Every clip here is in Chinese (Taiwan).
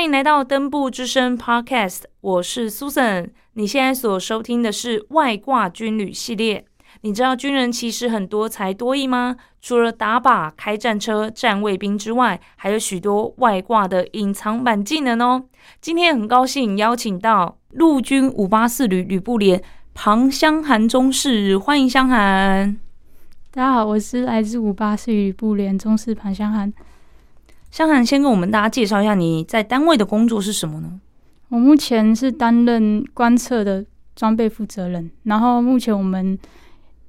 歡迎來到《登步之聲》Podcast，我是 Susan。你現在所收聽的是《外掛軍旅》系列。你知道軍人其實很多才多藝嗎？除了打靶、開戰車、站衛兵之外，還有許多外掛的隱藏版技能哦。今天很高興邀請到陸軍五八四旅旅部連龐湘涵中士，歡迎湘涵。大家好，我是來自五八四旅部連中士龐湘涵。湘涵先跟我們大家介紹一下你在單位的工作是什麼呢？我目前是擔任觀測的裝備負責人，然後目前我們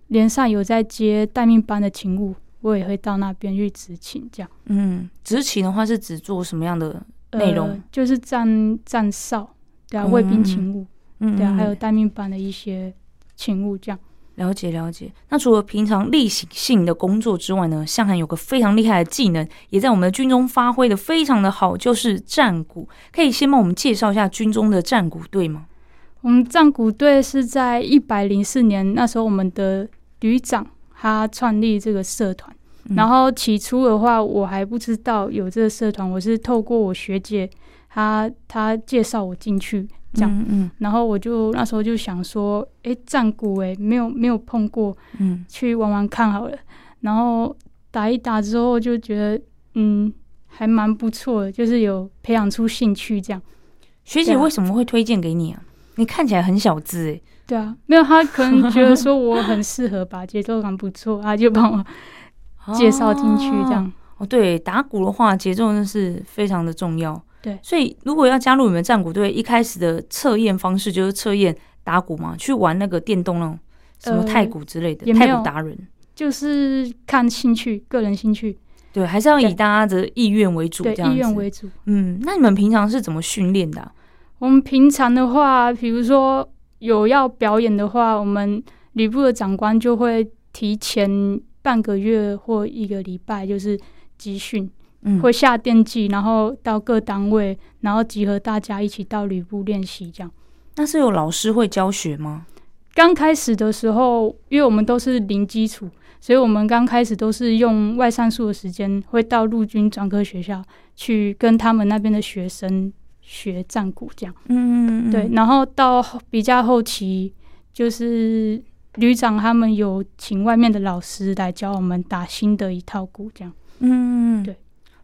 連上有在接待命班的勤務，我也會到那邊去執勤這樣。嗯，執勤的話是只做什麼樣的內容？呃，就是站站哨，對啊，衛兵勤、勤務，嗯，嗯嗯。對啊，還有待命班的一些勤務這樣。了解了解，那除了平常例行性的工作之外呢，湘涵有個非常厲害的技能，也在我們的軍中發揮的非常的好，就是戰鼓。可以先幫我們介紹一下軍中的戰鼓隊嗎？我們戰鼓隊是在一百零四年，那時候我們的旅長他創立這個社團，嗯、然後起初的話，我還不知道有這個社團，我是透過我學姐，她她介紹我進去。這樣，嗯，嗯、然後我就那時候就想說，嗯、誒，戰鼓、欸，誒，沒有沒有碰過，嗯，去玩玩看好了。然後打一打之後就覺得，嗯，還蠻不錯的，就是有培養出興趣這樣。學姐為什麼會推薦給你啊？啊你看起來很小資誒、欸。對啊，沒有他可能覺得說我很適合吧， 節奏感不錯，她就幫我介紹進去這樣。啊、哦，對，打鼓的話，節奏那是非常的重要。對，所以如果要加入你們戰鼓隊，一開始的測驗方式就是測驗打鼓嘛，去玩那個電動那種什麼太鼓之類的，呃、太鼓達人就是看興趣，個人興趣對，還是要以大家的意願為主，這樣子。意願為主，嗯。那你們平常是怎麼訓練的、啊？我們平常的話，比如說有要表演的話，我們旅部的長官就會提前半個月或一個禮拜就是集訓。嗯、會下電擊，然後到各單位，然後集合大家一起到旅部練習這樣。那是有老師會教學嗎？剛開始的時候，因為我們都是零基礎，所以我們剛開始都是用外上數的時間，會到陸軍專科學校去跟他們那邊的學生學戰鼓這樣。嗯嗯嗯。對，然後到比較後期，就是旅長他們有請外面的老師來教我們打新的一套鼓這樣。嗯嗯嗯。對。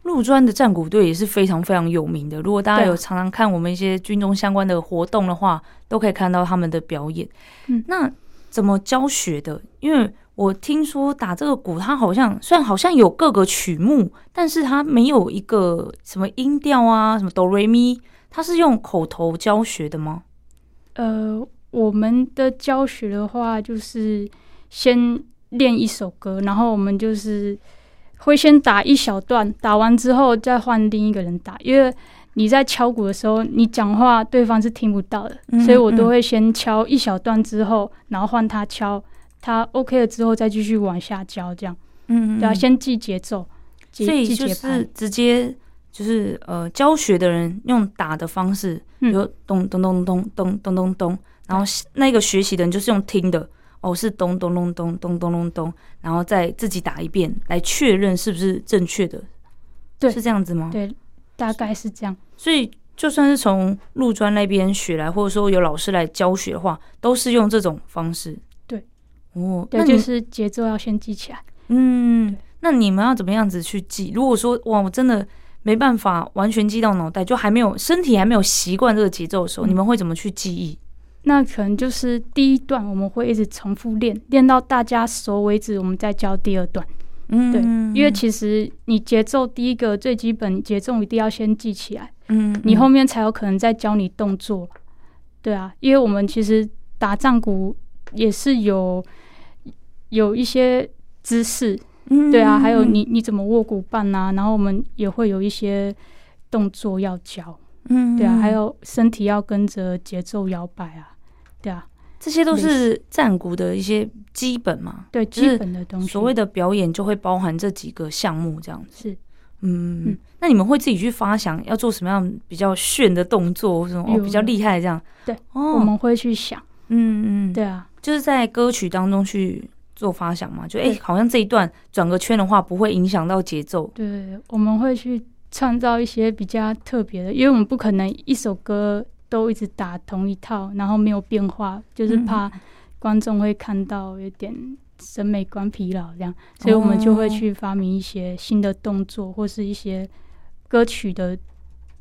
陸專的戰鼓隊也是非常非常有名的。如果大家有常常看我們一些軍中相關的活動的話，對都可以看到他們的表演。嗯，那怎麼教學的？因為我聽說打這個鼓，它好像雖然好像有各個曲目，但是它沒有一個什麼音調啊，什麼哆瑞咪，它是用口頭教學的嗎？呃，我們的教學的話，就是先練一首歌，然後我們就是。會先打一小段，打完之後再換另一個人打，因為你在敲鼓的時候，你講話對方是聽不到的，所以我都會先敲一小段之後，然後換他敲，他 OK 了之後再繼續往下教，這樣，嗯，要先記節奏，所以就是直接就是呃教學的人用打的方式，就咚咚咚咚咚咚咚咚，然後那個學習的人就是用聽的。哦，是咚咚咚咚，咚咚咚咚咚，然後再自己打一遍來確認是不是正確的，對，是這樣子嗎？對，大概是這樣。所以就算是從陸專那邊學來，或者說有老師來教學的話，都是用這種方式。對，哦，那對就是節奏要先記起來。嗯，對那你們要怎麼樣子去記？如果說哇，我真的沒辦法完全記到腦袋，就還沒有身體還沒有習慣這個節奏的時候，嗯、你們會怎麼去記憶？那可能就是第一段，我們會一直重複練，練到大家熟為止，我們再教第二段。Mm hmm. 對，因為其實你節奏第一個最基本節奏一定要先記起來，嗯、mm，hmm. 你後面才有可能再教你動作。對啊，因為我們其實打戰鼓也是有有一些姿勢，對啊，mm hmm. 還有你你怎麼握鼓棒啊，然後我們也會有一些動作要教，嗯，對啊，mm hmm. 還有身體要跟着節奏搖擺啊。這些都是戰鼓的一些基本嘛，對，基本的東西。所謂的表演就會包含這幾個項目，這樣子。是嗯，嗯那你們會自己去發想要做什麼樣比較炫的動作或，或者什麼比較厲害這樣？對，哦、我們會去想，嗯嗯，嗯對啊，就是在歌曲當中去做發想嘛，就哎對、欸，好像這一段轉個圈的話不會影響到節奏。對，我們會去創造一些比較特別的，因為我們不可能一首歌。都一直打同一套，然後沒有變化，就是怕觀眾會看到有點審美觀疲勞這樣，所以我們就會去發明一些新的動作或是一些歌曲的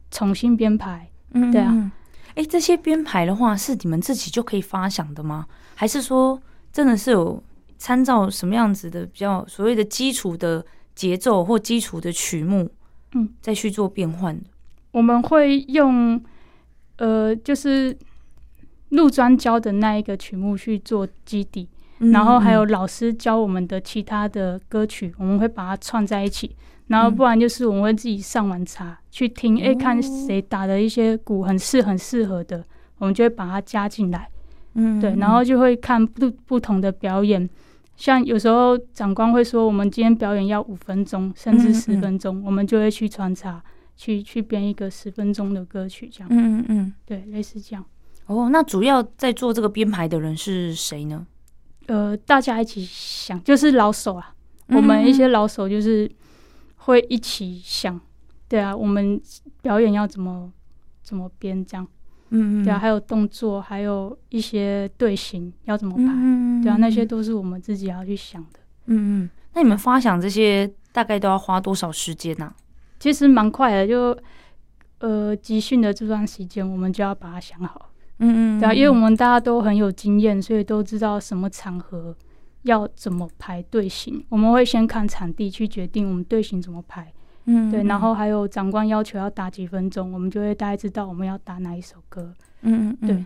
重新編排。對啊，哎，嗯，欸，這些編排的話是你們自己就可以發想的嗎？還是說真的是有參照什麼樣子的比較所謂的基礎的節奏或基礎的曲目，嗯，再去做變換？我們會用。呃，就是陸專教的那一個曲目去做基底，嗯、然後還有老師教我們的其他的歌曲，嗯、我們會把它串在一起。然後不然就是我們會自己上網查，嗯、去聽，哎、欸，看誰打的一些鼓很適很適合的，我們就會把它加進來。嗯，對，然後就會看不不同的表演，像有時候長官會說我們今天表演要五分鐘，甚至十分鐘，嗯嗯、我們就會去穿插。去去編一個十分鐘的歌曲，這樣，嗯嗯，對，類似這樣。哦，那主要在做這個編排的人是誰呢？呃，大家一起想，就是老手啊。嗯嗯，我們一些老手就是會一起想，對啊，我們表演要怎麼怎麼編這樣，嗯，嗯，對啊，還有動作，還有一些隊形要怎麼排，嗯嗯嗯，對啊，那些都是我們自己要去想的。嗯嗯，啊、那你們發想這些大概都要花多少時間呢、啊？其實蠻快的，就呃集訓的這段時間，我們就要把它想好。嗯,嗯嗯，對啊，因為我們大家都很有經驗，所以都知道什麼場合要怎麼排隊形。我們會先看場地去決定我們隊形怎麼排。嗯,嗯,嗯，對，然後還有長官要求要打幾分鐘，我們就會大概知道我們要打哪一首歌。嗯,嗯嗯，對。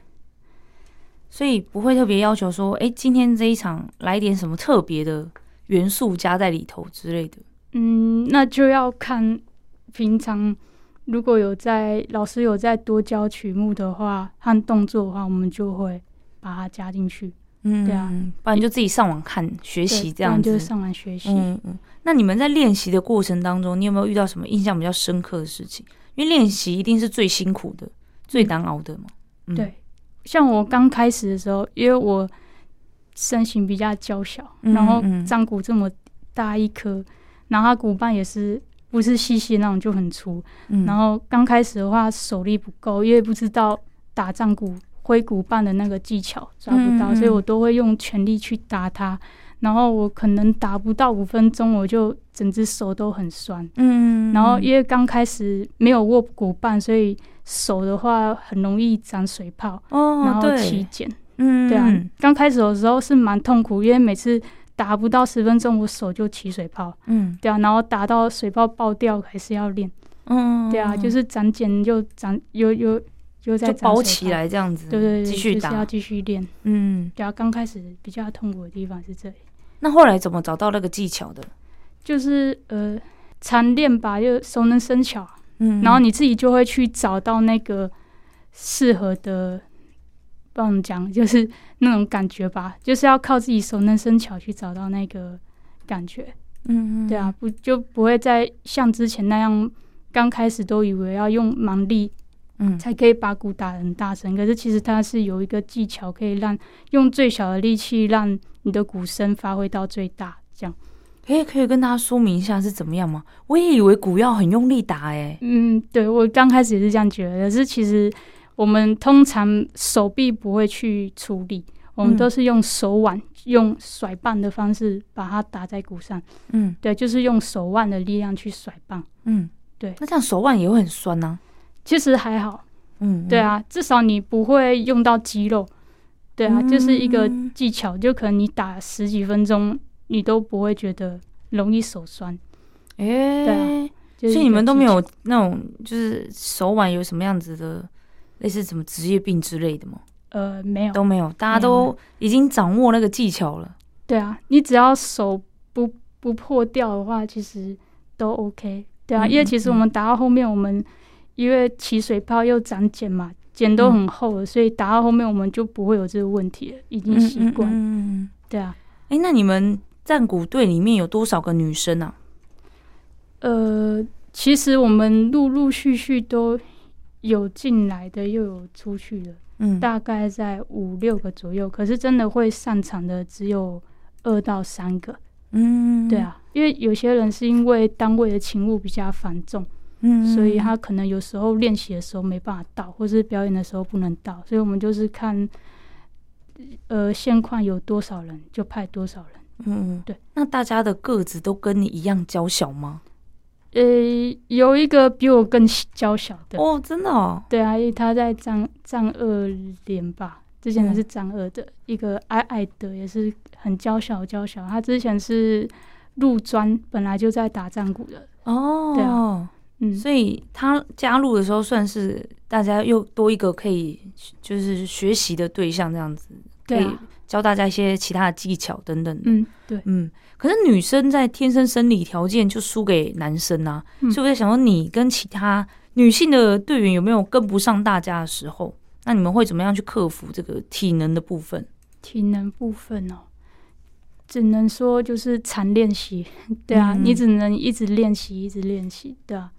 所以不會特別要求說，哎，今天這一場來點什麼特別的元素加在裡頭之類的。嗯，那就要看。平常如果有在老師有在多教曲目的話和動作的話，我們就會把它加進去。嗯，對啊，不然、嗯、就自己上網看學習這樣子。對啊，就是上網學習。嗯嗯。那你們在練習的過程當中，你有沒有遇到什麼印象比較深刻的事情？因為練習一定是最辛苦的、嗯、最難熬的嘛。嗯、對，像我剛開始的時候，因為我身形比較嬌小，嗯嗯嗯然後戰鼓這麼大一顆，然後鼓棒也是。不是細細那種就很粗，嗯、然後剛開始的話手力不夠，因為不知道打戰鼓、揮鼓棒的那個技巧抓不到，嗯嗯，所以我都會用全力去打它，然後我可能打不到五分鐘，我就整隻手都很酸。嗯，嗯，然後因為剛開始沒有握鼓棒，所以手的話很容易長水泡，哦、然後起繭。嗯，對啊，剛開始的時候是蠻痛苦，因為每次。打不到十分鐘，我手就起水泡。嗯，對啊，然後打到水泡爆掉，還是要練。嗯，對啊，嗯、就是長繭就長，又有又在就包起來這樣子。對對對，繼續打，要繼續練。嗯，對啊，剛開始比較痛苦的地方是這裡。那後來怎麼找到那個技巧的？就是呃，常練吧，就熟能生巧。嗯，然後你自己就會去找到那個適合的。幫我們講，就是那種感覺吧，就是要靠自己熟能生巧去找到那個感覺。嗯哼，對啊，不就不會再像之前那樣，剛開始都以為要用蠻力，嗯，才可以把鼓打得很大聲。嗯、可是其實它是有一個技巧，可以讓用最小的力氣，讓你的鼓聲發揮到最大。這樣，以、欸、可以跟大家說明一下是怎麼樣嗎？我也以為鼓要很用力打，欸，哎，嗯，對，我剛開始也是這樣覺得，可是其實。我們通常手臂不會去處理，我們都是用手腕、嗯、用甩棒的方式把它打在鼓上。嗯，對，就是用手腕的力量去甩棒。嗯，對。那這樣手腕也會很酸呢、啊？其實還好。嗯，嗯，對啊，至少你不會用到肌肉。對啊，嗯，就是一個技巧，就可能你打十幾分鐘，你都不會覺得容易手酸。哎、欸，對啊。就是、所以你們都沒有那種，就是手腕有什麼樣子的？類似什麼職業病之類的嗎？呃，沒有，都沒有，大家都已經掌握那個技巧了。對啊，你只要手不不破掉的話，其實都 OK。對啊，嗯嗯嗯，因為其實我們打到後面，我們因為起水泡又長繭嘛，繭都很厚了，所以打到後面我們就不會有這個問題了，已經習慣。嗯，嗯，嗯，嗯，對啊，哎、欸，那你們戰鼓隊裡面有多少個女生啊？呃，其實我們陸陸續續都。有進來的，又有出去的，嗯，大概在五六個左右。可是真的會上場的只有二到三個，嗯，對啊，因為有些人是因為單位的勤務比較繁重，嗯，所以他可能有時候練習的時候沒辦法到，或是表演的時候不能到，所以我們就是看，呃，現況有多少人就派多少人，嗯，對。那大家的個子都跟你一樣嬌小嗎？呃、欸，有一個比我更嬌小的哦，真的哦，對啊，他他在戰戰二連吧，之前他是戰二的，嗯、一個矮矮的，也是很嬌小嬌小。他之前是陸專，本來就在打戰鼓的哦，對哦、啊。嗯，所以他加入的時候，算是大家又多一個可以就是學習的對象這樣子，對、啊。教大家一些其他的技巧等等。嗯，對，嗯，可是女生在天生生理條件就輸給男生啊。嗯、所以我在想說，你跟其他女性的隊員有沒有跟不上大家的時候，那你們會怎麼樣去克服這個體能的部分？體能部分哦，只能說就是常練習。對啊，嗯、你只能一直練習，一直練習。對啊，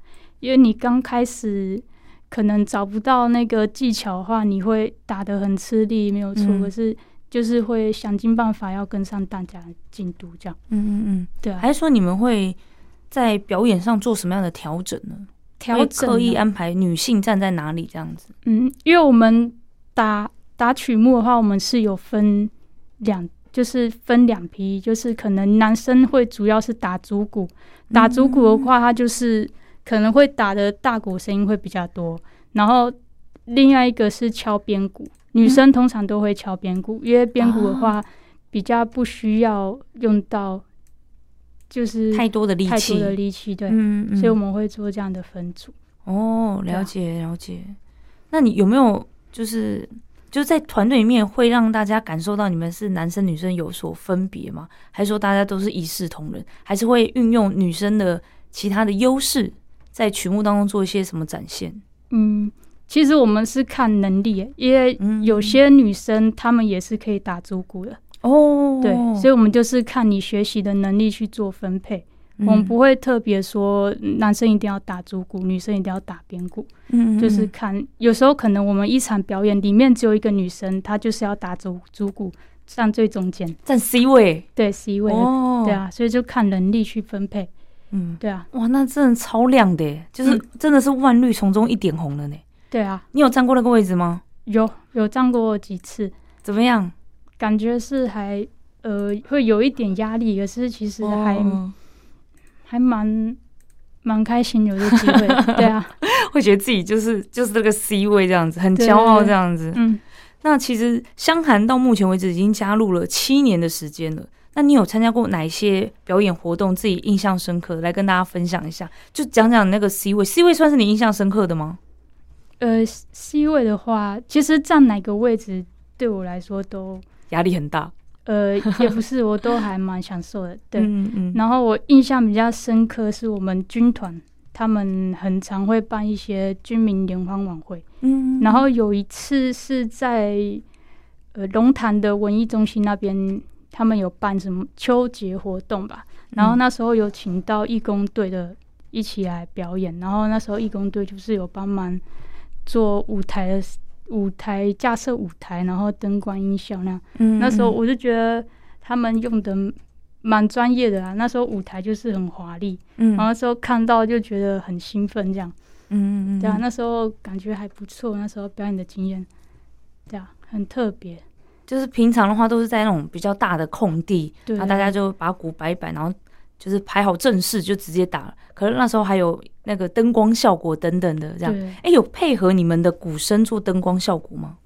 因為你剛開始可能找不到那個技巧的話，你會打得很吃力，沒有錯。嗯、可是就是會想盡辦法要跟上大家進度，這樣。嗯嗯嗯，對啊。還是說你們會在表演上做什麼樣的調整呢？調整？刻意安排女性站在哪裡這樣子？嗯，因為我們打打曲目的話，我們是有分兩，就是分兩批，就是可能男生會主要是打足鼓。打足鼓的話，他就是可能會打的大鼓聲音會比較多。然後另外一個是敲邊鼓。女生通常都會敲邊鼓，嗯、因為邊鼓的話比較不需要用到，就是太多的力氣，太多的力氣，對，嗯嗯嗯所以我們會做這樣的分組。哦，了解了解。那你有沒有就是就是在團隊裡面會讓大家感受到你們是男生女生有所分別嗎？還是說大家都是一視同仁？還是會運用女生的其他的優勢在曲目當中做一些什麼展現？嗯。其實我們是看能力，因為有些女生她們也是可以打主鼓的哦。對，所以我們就是看你學習的能力去做分配，嗯、我們不會特別說男生一定要打主鼓，女生一定要打邊鼓。嗯，嗯就是看，有時候可能我們一場表演裡面只有一個女生，她就是要打主主鼓，站最中間，站 C 位對。對 C 位。哦。對啊，所以就看能力去分配。嗯，對啊。哇，那真的超亮的耶，就是真的是萬綠叢中一點紅了呢。對啊，你有站過那個位置嗎？有，有站過幾次。怎麼樣？感覺是還呃會有一點壓力，可是其實還、哦、還蠻蠻開心，有這機會。 對啊，會 覺得自己就是就是那個 C 位這樣子，很驕傲這樣子。啊、嗯，那其實湘涵到目前為止已經加入了七年的時間了。那你有參加過哪一些表演活動？自己印象深刻的，來跟大家分享一下，就講講那個 C 位。C 位算是你印象深刻的嗎？呃，C 位的話，其實站哪個位置對我來說都壓力很大。呃，也不是，我都還蠻享受的。 對，嗯嗯嗯，然後我印象比較深刻是我們軍團，他們很常會辦一些軍民聯歡晚會。嗯，然後有一次是在呃龍潭的文藝中心那邊，他們有辦什麼秋節活動吧？然後那時候有請到義工隊的一起來表演，嗯，然後那時候義工隊就是有幫忙。做舞台的、舞台架設舞台，然後燈光音效那樣。嗯嗯、那時候我就覺得他們用的蠻專業的啊，那時候舞台就是很華麗，然後那時候看到就覺得很興奮，這樣。嗯嗯，對啊，那時候感覺還不錯。那時候表演的經驗，對啊，很特別。就是平常的話都是在那種比較大的空地，然後大家就把鼓擺一擺，然後。就是排好陣勢就直接打了，可是那時候還有那個燈光效果等等的這樣，哎對、欸，有配合你們的鼓聲做燈光效果嗎？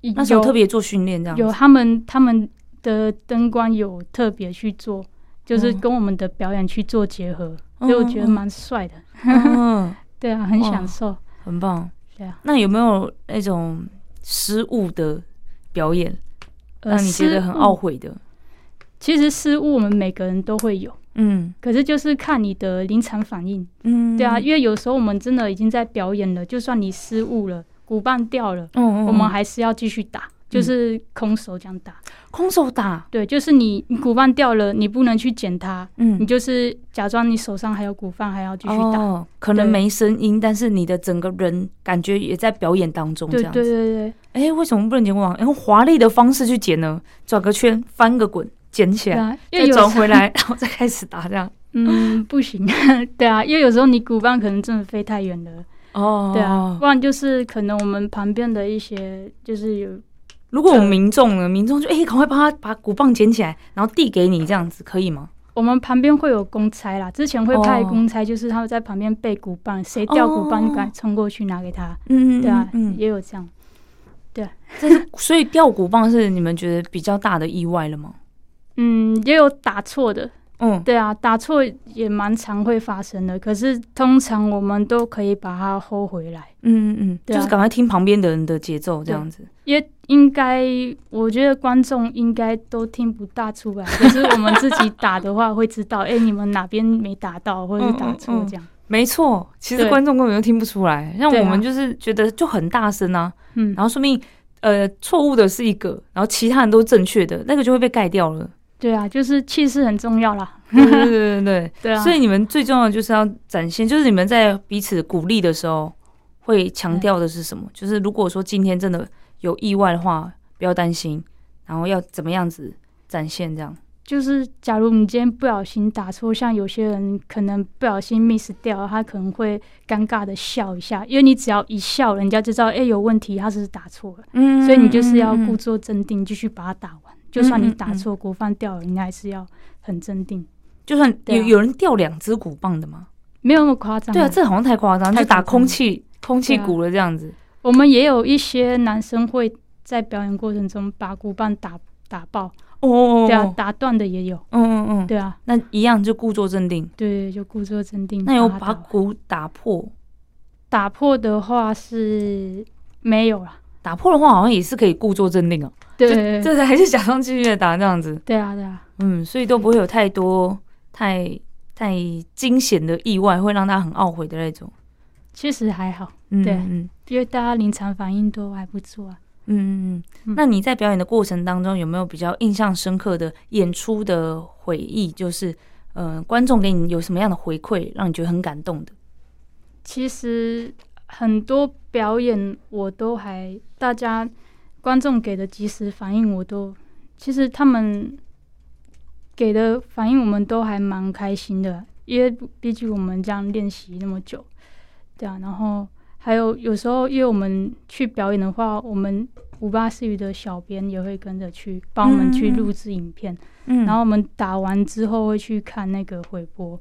有那時候特別做訓練這樣，有他們他們的燈光有特別去做，就是跟我們的表演去做結合，嗯、所以我覺得蠻帥的。嗯嗯、 對啊，很享受，嗯、很棒。對啊，那有沒有那種失誤的表演，呃、讓你覺得很懊悔的？其實失誤我們每個人都會有。嗯，可是就是看你的臨場反應，嗯，對啊，因為有時候我們真的已經在表演了，就算你失誤了，鼓棒掉了，嗯、哦哦哦、我們還是要繼續打，嗯、就是空手這樣打，空手打，對，就是你你鼓棒掉了，你不能去撿它，嗯，你就是假裝你手上還有鼓棒，還要繼續打、哦，可能沒聲音，對但是你的整個人感覺也在表演當中，這樣。對對對對，哎、欸，為什麼不能講話、啊？用華麗的方式去撿呢？轉個圈，翻個滾。撿起來，又走、啊、回來，然後再開始打這樣。嗯，不行，對啊，因為有時候你鼓棒可能真的飛太遠了。哦，oh、對啊，不然就是可能我們旁邊的一些就是有，如果有民眾，呢，民眾就哎，趕、欸、快幫他把鼓棒撿起來，然後遞給你，這樣子可以嗎？我們旁邊會有公差啦，之前會派公差，就是他們在旁邊背鼓棒，誰掉鼓棒，就趕快衝過去拿給他。嗯，oh、對啊，嗯，嗯，嗯，嗯，也有這樣。對，啊，這是所以掉鼓棒是你們覺得比較大的意外了嗎？嗯，也有打錯的，嗯，對啊，打錯也蠻常會發生的。可是通常我們都可以把它 hold 回來，嗯嗯，嗯對、啊。就是趕快聽旁邊的人的節奏這樣子。也應該，我覺得觀眾應該都聽不大出來。 可是我們自己打的話會知道，哎、 欸，你們哪邊沒打到或者是打錯這樣。嗯嗯嗯、沒錯，其實觀眾根本就聽不出來。那對我們就是覺得就很大聲啊，嗯、啊，然後說不定呃錯誤的是一個，然後其他人都正確的，那個就會被蓋掉了。對啊，就是氣勢很重要啦。 對對對對。 對啊，所以你們最重要的就是要展現，就是你們在彼此鼓勵的時候，會強調的是什麼？對就是如果說今天真的有意外的話，不要擔心，然後要怎麼樣子展現這樣。就是假如你今天不小心打錯，像有些人可能不小心 miss 掉，他可能會尷尬的笑一下，因為你只要一笑，人家就知道哎、欸、有問題，他是打錯了。嗯,嗯,嗯,嗯。所以你就是要故作鎮定，繼續把它打完。就算你打錯鼓棒掉了，應該還是要很鎮定。就算有有人掉兩隻鼓棒的嗎？啊、沒有那麼誇張。對啊，這好像太誇張，誇張就打空氣空氣鼓了這樣子、啊。我們也有一些男生會在表演過程中把鼓棒打打爆哦，這、oh, 啊，打斷的也有。嗯嗯嗯，對啊。那一樣就故作鎮定。對，對對，就故作鎮定。那有把鼓打破，打破的話是沒有了、啊。打破的話好像也是可以故作鎮定啊。對，對，對，對，這才還是假裝繼續打這樣子。對啊，對啊，嗯，所以都不會有太多、太、對太驚險的意外，會讓他很懊悔的那種。其實還好，對嗯，嗯，因為大家臨場反應都還不錯啊。嗯嗯嗯。嗯嗯，那你在表演的過程當中，有沒有比較印象深刻的演出的回憶？就是，呃，觀眾給你有什麼樣的回饋，讓你覺得很感動的？其實很多表演我都還大家。觀眾給的即時反應，我都其實他們給的反應，我們都還蠻開心的，因為畢竟我們這樣練習那麼久，對啊，然後還有有時候，因為我們去表演的話，我們五八四旅的小編也會跟着去幫我們去錄制影片，然後我們打完之後會去看那個回播，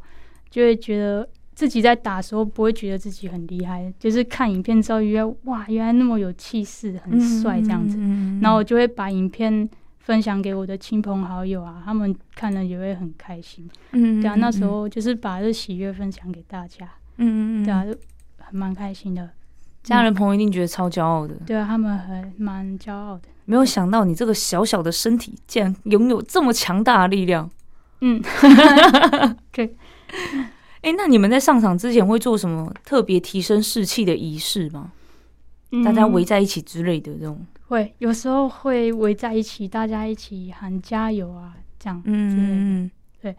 就會覺得，自己在打的時候不會覺得自己很厲害，就是看影片之後覺得，哇，原來那麼有氣勢，很帥這樣子。嗯嗯嗯嗯然後我就會把影片分享給我的親朋好友啊，他們看了也會很開心。嗯嗯嗯對啊，那時候就是把這喜悅分享給大家。嗯,嗯,嗯，對啊，就很蠻開心的。家人朋友一定覺得超驕傲的。嗯、對啊，他們很蠻驕傲的。沒有想到你這個小小的身體，竟然擁有這麼強大的力量。嗯，對、 okay.。哎、欸，那你們在上場之前會做什麼特別提升士氣的儀式嗎？嗯、大家圍在一起之類的這種，會有時候會圍在一起，大家一起喊加油啊，這樣，嗯嗯，對，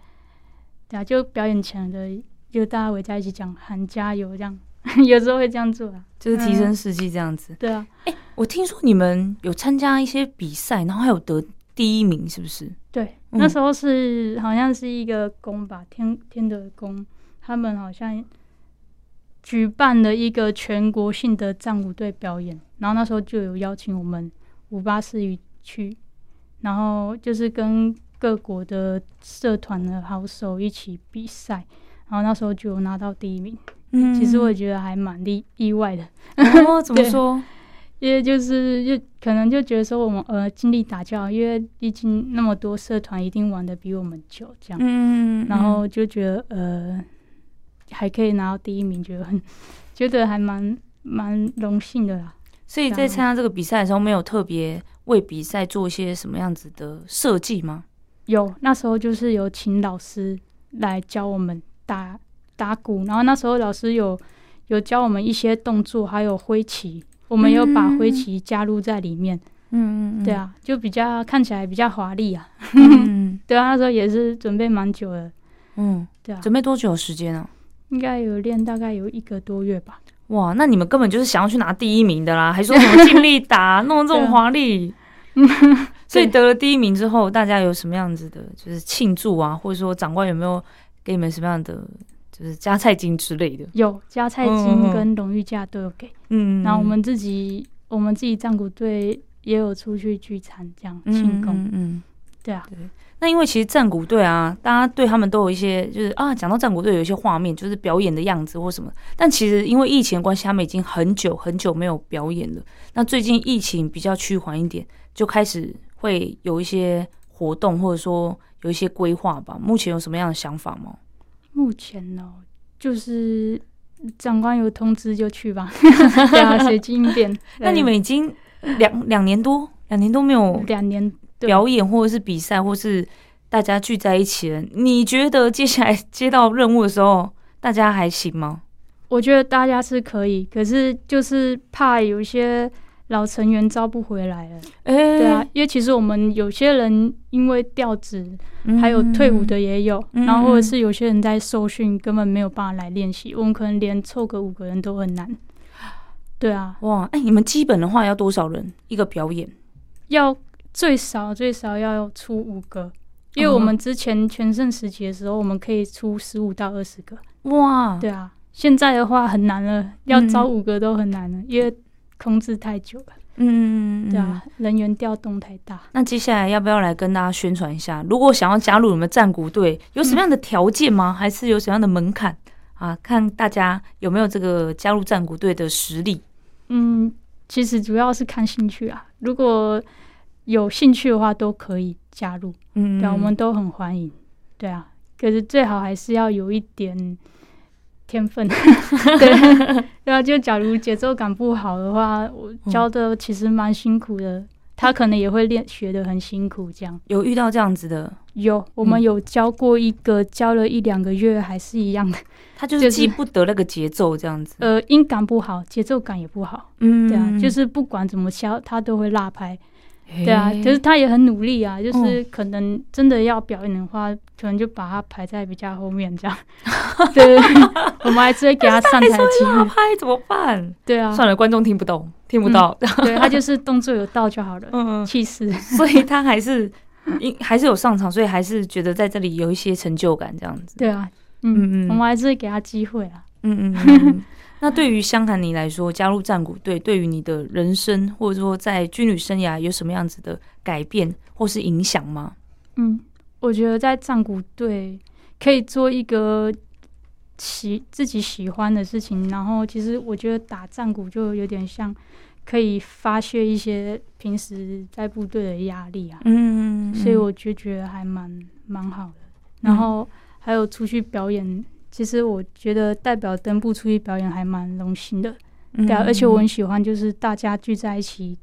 對啊，就表演前的，就大家圍在一起講喊加油這樣， 有時候會這樣做啊，就是提升士氣這樣子。嗯、對啊，哎、欸，我聽說你們有參加一些比賽，然後還有得第一名，是不是？對，那時候是、嗯、好像是一個宮吧，天、天德宮。他們好像舉辦了一個全國性的戰鼓隊表演，然後那時候就有邀請我們五八四旅去，然後就是跟各國的社團的好手一起比賽，然後那時候就拿到第一名。嗯，其實我覺得還蠻意意外的。後、嗯哦、怎麼說？ 因為就是就可能就覺得說我們呃盡力打架，因為畢竟那麼多社團一定玩得比我們久，這樣。嗯，嗯然後就覺得呃。還可以拿到第一名，覺得很覺得還蠻蠻榮幸的啦。所以在參加這個比賽的時候，沒有特別為比賽做一些什麼樣子的設計嗎？有，那時候就是有請老師來教我們打打鼓，然後那時候老師有有教我們一些動作，還有揮旗，我們有把揮旗加入在裡面。嗯嗯，嗯嗯，對啊，就比較看起來比較華麗啊。 對啊，那時候也是準備蠻久了。嗯，對啊，準備多久時間啊？應該有練大概有一個多月吧。哇，那你們根本就是想要去拿第一名的啦，還說什麼盡力打，啊， 弄這種華麗。所以得了第一名之後，大家有什麼樣子的，就是慶祝啊，或者說長官有沒有給你們什麼樣的，就是加菜金之類的？有加菜金跟榮譽假都有給。嗯、嗯、嗯，然後我們自己我們自己戰鼓隊也有出去聚餐這樣慶功。嗯、嗯、嗯、嗯，對啊。對那因為其實戰鼓隊啊，大家對他們都有一些，就是啊，講到戰鼓隊有一些畫面，就是表演的樣子或什麼。但其實因為疫情的關係，他們已經很久很久沒有表演了。那最近疫情比較趨緩一點，就開始會有一些活動，或者說有一些規劃吧。目前有什麼樣的想法嗎？目前哦、喔，就是長官有通知就去吧。對 啊，隨性一點。那你們已經兩兩年多，兩年都沒有兩、嗯、年。對表演或者是比賽，或是大家聚在一起，你覺得接下來接到任務的時候，大家還行嗎？我覺得大家是可以，可是就是怕有些老成員招不回來了。哎、欸，對啊，因為其實我們有些人因為調職，嗯、還有退伍的也有，嗯、然後或者是有些人在受訓，根本沒有辦法來練習。嗯、我們可能連湊個五個人都很難。對啊，哇，哎、欸，你們基本的話要多少人一個表演？要。最少最少要出五個，因為我們之前全盛時期的時候，我們可以出十五到二十個哇。對啊，現在的話很難了，要招五個都很難了，嗯、因為空置太久了。嗯，對啊，嗯嗯、人員調動太大。那接下來要不要來跟大家宣傳一下？如果想要加入我們戰鼓隊，有什麼樣的條件嗎？嗯、還是有什麼樣的門檻啊？看大家有沒有這個加入戰鼓隊的實力。嗯，其實主要是看興趣啊。如果有興趣的話都可以加入，嗯，嗯對、啊、我們都很歡迎。對啊，可是最好還是要有一點天分。 對，對啊，就假如節奏感不好的話，我教的其實蠻辛苦的，嗯、他可能也會練學的很辛苦。這樣有遇到這樣子的？有，我們有教過一個，教了一兩個月還是一樣的，嗯就是、他就是記不得那個節奏，這樣子、就是。呃，音感不好，節奏感也不好。嗯，嗯，嗯、對啊，就是不管怎麼教，他都會落拍。欸、對啊，就是他也很努力啊，就是可能真的要表演的話，嗯、可能就把他排在比較後面這樣。 對，我們還是會給他上台的機會。但是他還說要拍怎麼辦？對啊，算了，觀眾聽不懂，聽不到，嗯、對，他就是動作有到就好了，氣勢 勢。所以他還是，還是有上場，所以還是覺得在這裡有一些成就感這樣子。對啊，嗯嗯，我們還是會給他機會啊，嗯嗯，嗯嗯。 那對於湘涵你來說，加入戰鼓隊對於你的人生，或者說在軍旅生涯，有什麼樣子的改變或是影響嗎？嗯，我覺得在戰鼓隊可以做一個喜自己喜歡的事情，然後其實我覺得打戰鼓就有點像可以發洩一些平時在部隊的壓力啊。嗯，嗯，所以我就覺得還蠻蠻好的。然後還有出去表演。其實我覺得代表登步出去表演還蠻榮幸的，對啊、嗯哼，而且我很喜歡，就是大家聚在一起，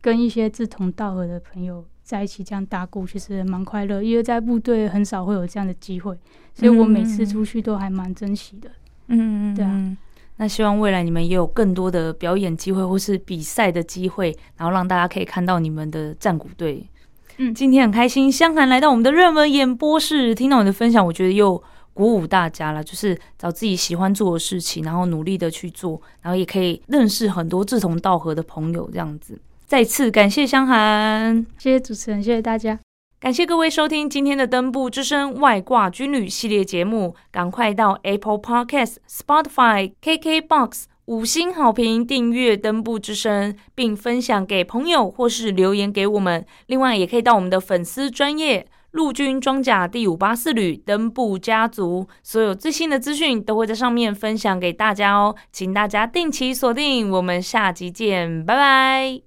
跟一些志同道合的朋友在一起，這樣打鼓其實蠻快樂，因為在部隊很少會有這樣的機會，嗯、哼所以我每次出去都還蠻珍惜的。嗯哼對啊，那希望未來你們也有更多的表演機會或是比賽的機會，然後讓大家可以看到你們的戰鼓隊。嗯，今天很開心，湘涵來到我們的熱門演播室，聽到你的分享，我覺得又。鼓舞大家了，就是找自己喜歡做的事情，然後努力的去做，然後也可以認識很多志同道合的朋友，這樣子。再次感謝湘涵，謝謝主持人，謝謝大家，感謝各位收聽今天的《登步之聲》外掛軍旅系列節目。趕快到 Apple Podcast、Spotify、KKBox 五星好評訂閱《登步之聲》，並分享給朋友或是留言給我們。另外，也可以到我們的粉絲專頁。陸軍裝甲第五八四旅登步家族，所有最新的資訊都會在上面分享給大家哦，請大家定期鎖定。我們下集見，拜拜。